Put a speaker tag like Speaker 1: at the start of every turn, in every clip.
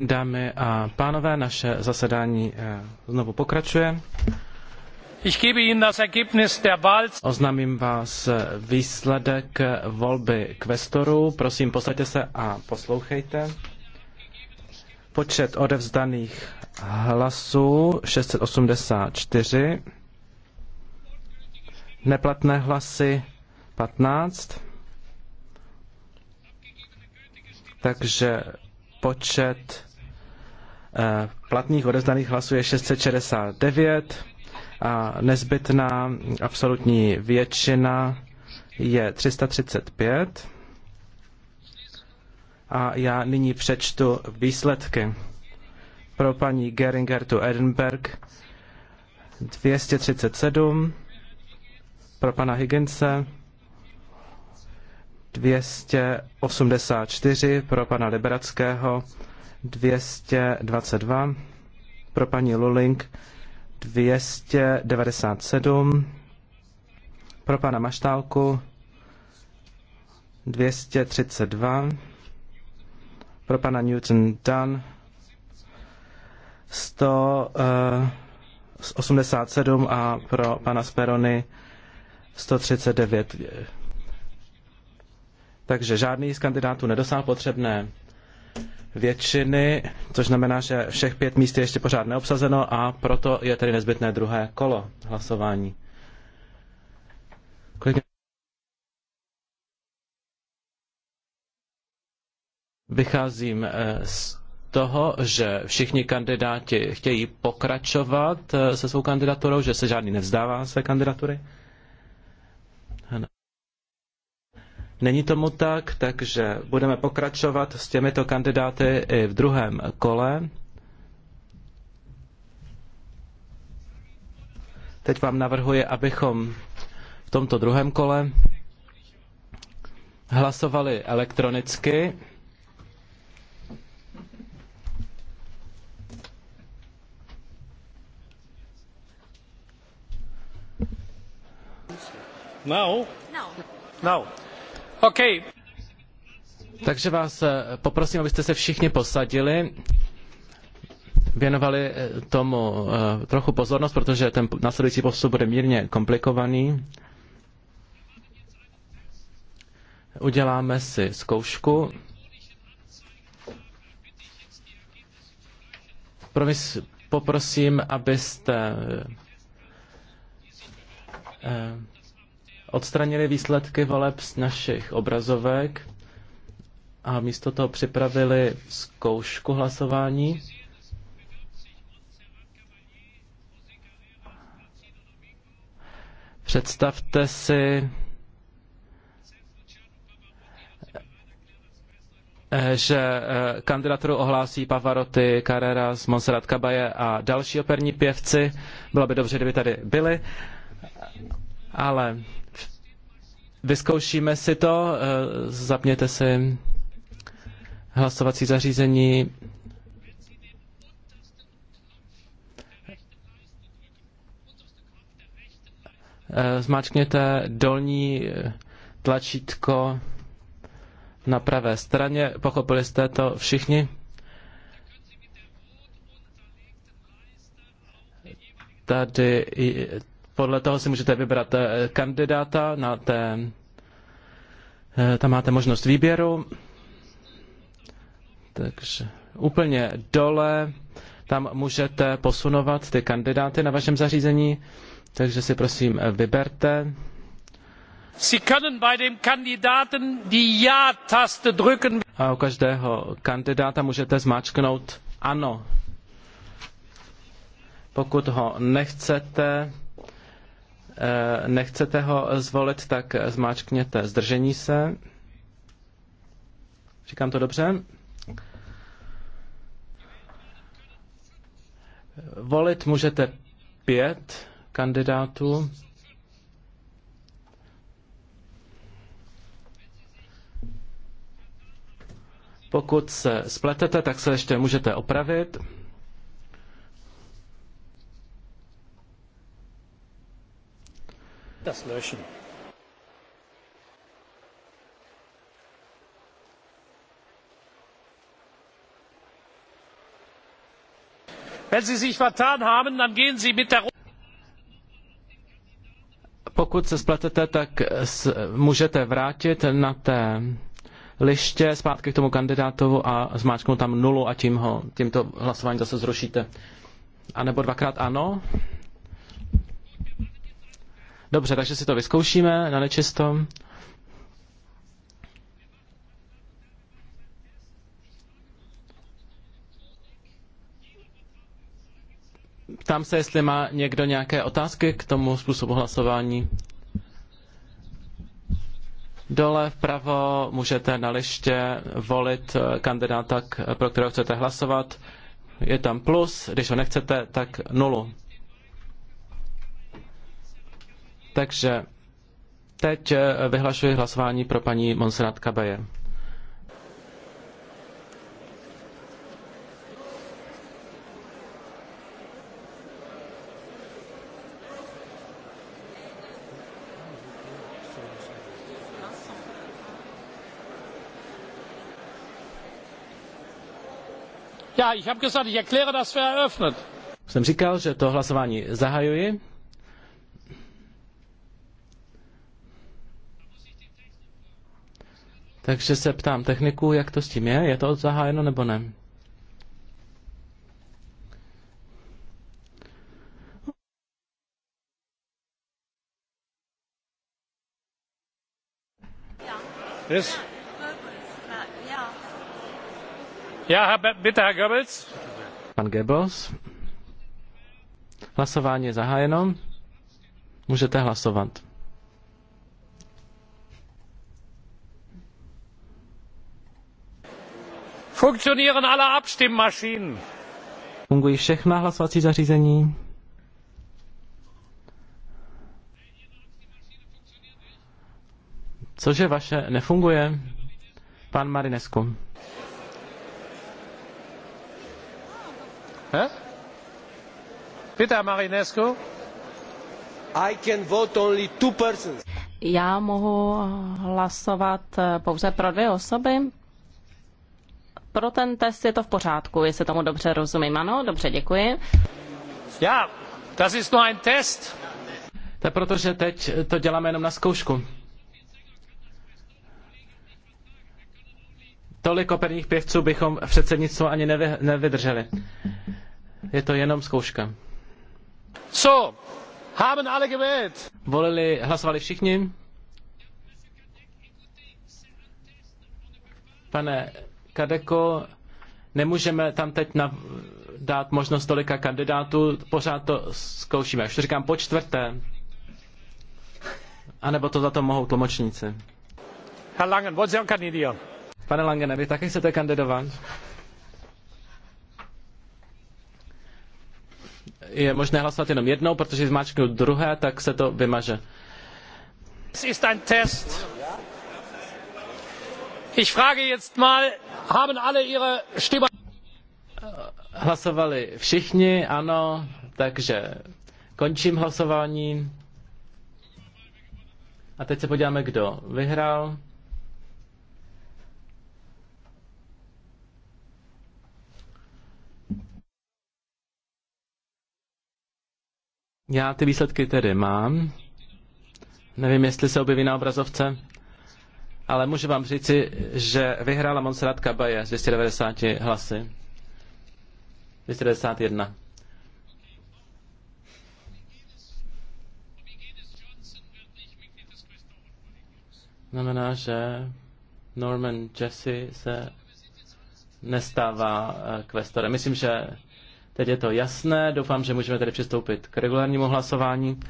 Speaker 1: Dámy a pánové, naše zasedání eh, znovu pokračuje.
Speaker 2: Ich gebe Ihnen das Ergebnis der Wahl.
Speaker 1: Oznámím vás eh, výsledek eh, volby kvestorů. Prosím, posaďte se a poslouchejte. Počet odevzdaných hlasů 684. Neplatné hlasy 15. Takže počet Eh, platných odezdaných hlasů je 669 a nezbytná absolutní většina je 335. A já nyní přečtu výsledky. Pro paní Geringer tu Edinburgh 237, pro pana Higginse 284, pro pana Liberackého 222, pro paní Luling 297, pro pana Maštálku 232, pro pana Newton Dunn 187 eh, a pro pana Sperony 139. Takže žádný z kandidátů nedosáhl potřebné většiny, což znamená, že všech pět míst je ještě pořád neobsazeno a proto je tedy nezbytné druhé kolo hlasování. Kolik... Vycházím eh, z toho, že všichni kandidáti chtějí pokračovat eh, se svou kandidaturou, že se žádný nevzdává své kandidatury. Není tomu tak, takže budeme pokračovat s těmito kandidáty i v druhém kole. Teď vám navrhuji, abychom v tomto druhém kole hlasovali elektronicky.
Speaker 2: Now? Now. Now. Okay.
Speaker 1: Takže vás eh, poprosím, abyste se všichni posadili, věnovali eh, tomu eh, trochu pozornost, protože ten následující postup bude mírně komplikovaný. Uděláme si zkoušku. poprosím, abyste odstranili výsledky voleb z našich obrazovek a místo toho připravili zkoušku hlasování. Představte si, že eh, kandidaturu ohlásí Pavaroty, Carrera, Monserrat Kabaje a další operní pěvci. Bylo by dobře, kdyby tady byli, ale Vyzkoušíme si to, eh, zapněte si hlasovací zařízení. Eh, zmáčkněte dolní eh, tlačítko na pravé straně. Pochopili jste to všichni? Tady podle toho si můžete vybrat eh, kandidáta na té, eh, tam máte možnost výběru. Takže úplně dole, tam můžete posunovat ty kandidáty na vašem zařízení, takže si prosím eh, vyberte.
Speaker 2: Sie können bei dem Kandidaten die
Speaker 1: Ja-Taste drücken. A u každého kandidáta můžete zmáčknout ano. Pokud ho nechcete, Eh, nechcete ho zvolit, tak zmáčkněte zdržení se. Říkám to dobře? Volit můžete pět kandidátů. Pokud se spletete, tak se ještě můžete opravit.
Speaker 2: das löschen. wenn sie sich vertan haben dann gehen sie mit der
Speaker 1: pokud se spletete, tak můžete vrátit na té liště zpátky k tomu kandidátovu a zmáčknout tam nulu a tím ho, tímto hlasování zase zrušíte. A nebo dvakrát ano, Dobře, takže si to vyzkoušíme na nečisto. Ptám se, jestli má někdo nějaké otázky k tomu způsobu hlasování. Dole vpravo můžete na liště volit eh, kandidáta, pro kterého chcete hlasovat. Je tam plus, když ho nechcete, tak nulu. Takže teď eh, vyhlašuji hlasování pro paní Monserrat Kabeje.
Speaker 2: Já, ich habe gesagt, ich erkläre das für eröffnet.
Speaker 1: Jsem říkal, že to hlasování zahajuji. Takže se ptám techniku, jak to s tím je, je to zahájeno nebo ne? Yes. Ja,
Speaker 2: bitte, Herr Goebbels.
Speaker 1: Pan Goebbels. Hlasování je zahájeno. Můžete hlasovat.
Speaker 2: Funktionieren alle Abstimmmaschinen.
Speaker 1: Fungují všechna hlasovací zařízení? Cože vaše nefunguje? Pan Marinescu.
Speaker 2: He? Peter Marinescu.
Speaker 1: I can vote only two persons. Já mohu hlasovat pouze pro dvě osoby pro ten test je to v pořádku, jestli tomu dobře rozumím. Ano, dobře, děkuji. Já, das ist nur ein test. To je proto, že teď to děláme jenom na zkoušku. Tolik operních pěvců bychom v předsednictvu ani nevy, nevydrželi. Je to jenom zkouška.
Speaker 2: Co? haben alle gewählt.
Speaker 1: Volili, hlasovali všichni? Pane Kadeko, nemůžeme tam teď na, dát možnost tolika kandidátů, pořád to zkoušíme. Už říkám po čtvrté. A nebo to za to mohou tlumočníci. Herr Langen, wollen Sie auch kandidieren? Pane Langene, vy také chcete kandidovat? Je možné hlasovat jenom jednou, protože zmáčknu druhé, tak se to vymaže. Es ist ein Test.
Speaker 2: Ich frage jetzt mal, haben alle ihre Stimme...
Speaker 1: Hlasovali všichni, ano, takže končím hlasování. A teď se podíváme, kdo vyhrál. Já ty výsledky tedy mám. Nevím, jestli se objeví na obrazovce ale můžu vám říci, že vyhrála Monserrat Kabaje z 290 hlasy. 291. Znamená, že Norman Jesse se nestává eh, kvestorem. Myslím, že teď je to jasné. Doufám, že můžeme tedy přistoupit k regulárnímu hlasování.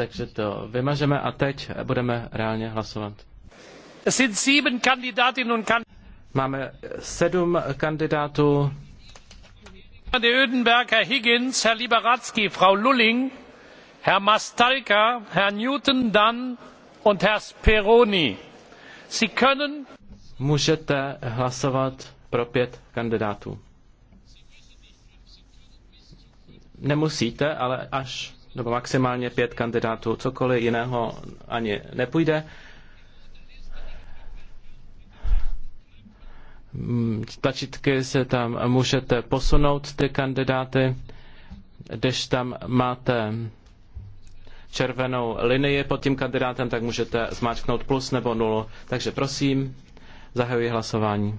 Speaker 1: takže to vymažeme a teď budeme reálně hlasovat. Máme sedm kandidátů.
Speaker 2: De Ödenberg, Herr Higgins, Herr Liberatzky, Frau Lulling, Herr Mastalka, Herr Newton Dunn und Herr Speroni.
Speaker 1: Sie können... Můžete hlasovat pro pět kandidátů. Nemusíte, ale až nebo maximálně pět kandidátů. Cokoliv jiného ani nepůjde. Tlačítky se tam můžete posunout, ty kandidáty. Když tam máte červenou linii pod tím kandidátem, tak můžete zmáčknout plus nebo nulu. Takže prosím, zahajuji hlasování.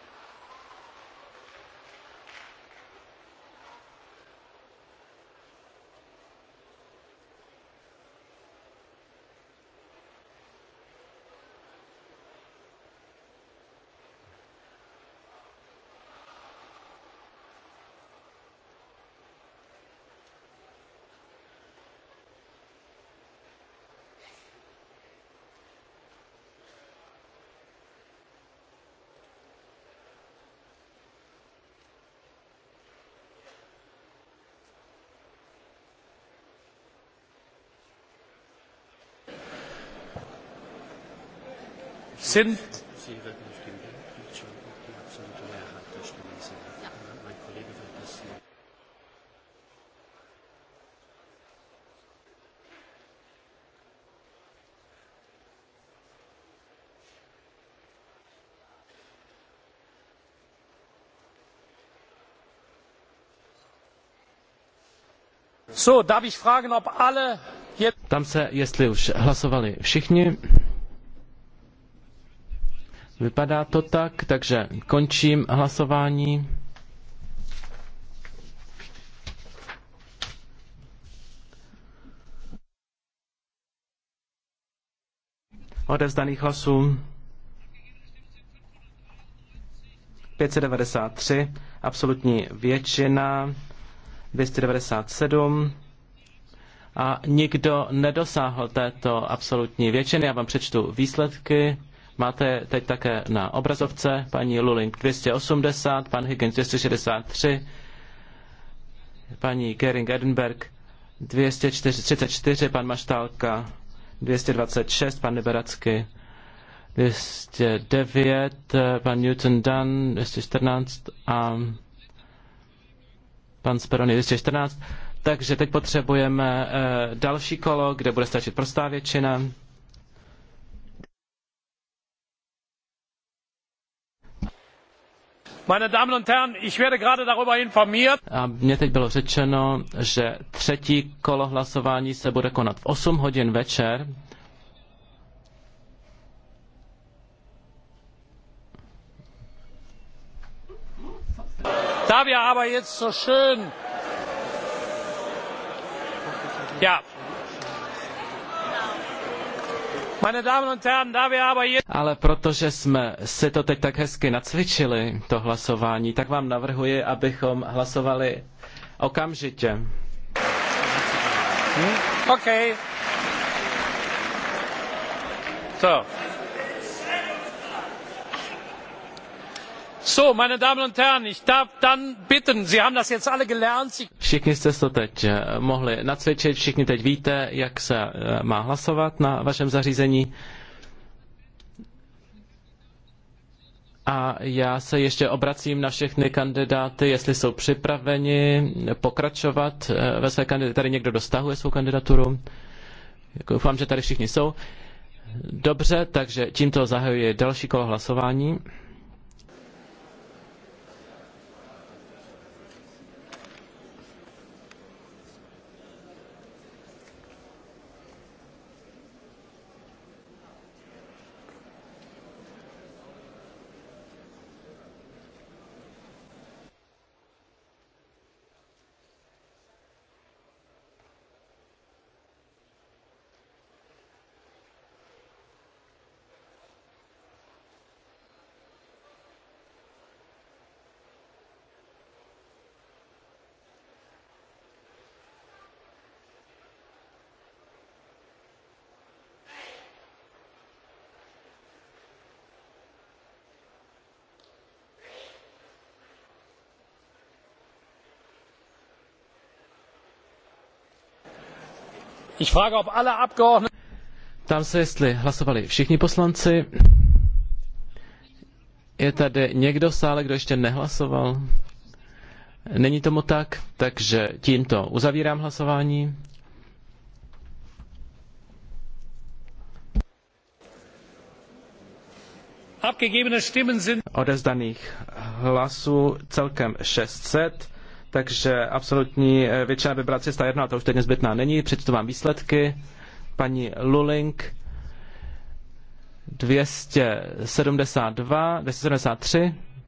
Speaker 2: sind
Speaker 1: So, darf ich fragen, ob alle... Tam se, jestli už hlasovali všichni. Vypadá to tak, takže končím hlasování. Odevzdaných hlasů 593, absolutní většina 297 a nikdo nedosáhl této absolutní většiny. Já vám přečtu výsledky. Máte teď také na obrazovce paní Luling 280, pan Higgins 263, paní Gering Edinburgh 234, pan Maštálka 226, pan Liberacky 209, pan Newton Dunn 214 a pan Speroni 214. Takže teď potřebujeme eh, další kolo, kde bude stačit prostá většina. Meine Damen
Speaker 2: und Herren, ich werde gerade darüber informiert.
Speaker 1: A mně teď bylo řečeno, že třetí kolo hlasování se bude konat v 8 hodin večer.
Speaker 2: Da wir aber jetzt so schön
Speaker 1: ja, Ale protože jsme si to teď tak hezky nacvičili, to hlasování, tak vám navrhuji, abychom hlasovali okamžitě. Hm? Okay. So.
Speaker 2: meine Damen und Herren, ich darf dann bitten, Sie haben das jetzt alle gelernt.
Speaker 1: Všichni jste to teď eh, mohli nacvičit, všichni teď víte, jak se eh, má hlasovat na vašem zařízení. A já se ještě obracím na všechny kandidáty, jestli jsou připraveni pokračovat eh, ve své kandidatuře. Tady někdo dostahuje svou kandidaturu. Jako, doufám, že tady všichni jsou. Dobře, takže tímto zahajuji další kolo hlasování. Tam se, jestli hlasovali všichni poslanci. Je tady někdo v sále, kdo ještě nehlasoval? Není tomu tak, takže tímto uzavírám hlasování. Odezdaných hlasů celkem 600 takže absolutní eh, většina by byla 301, ale to už teď nezbytná není. Přečtu vám výsledky. Paní Luling 272, 273,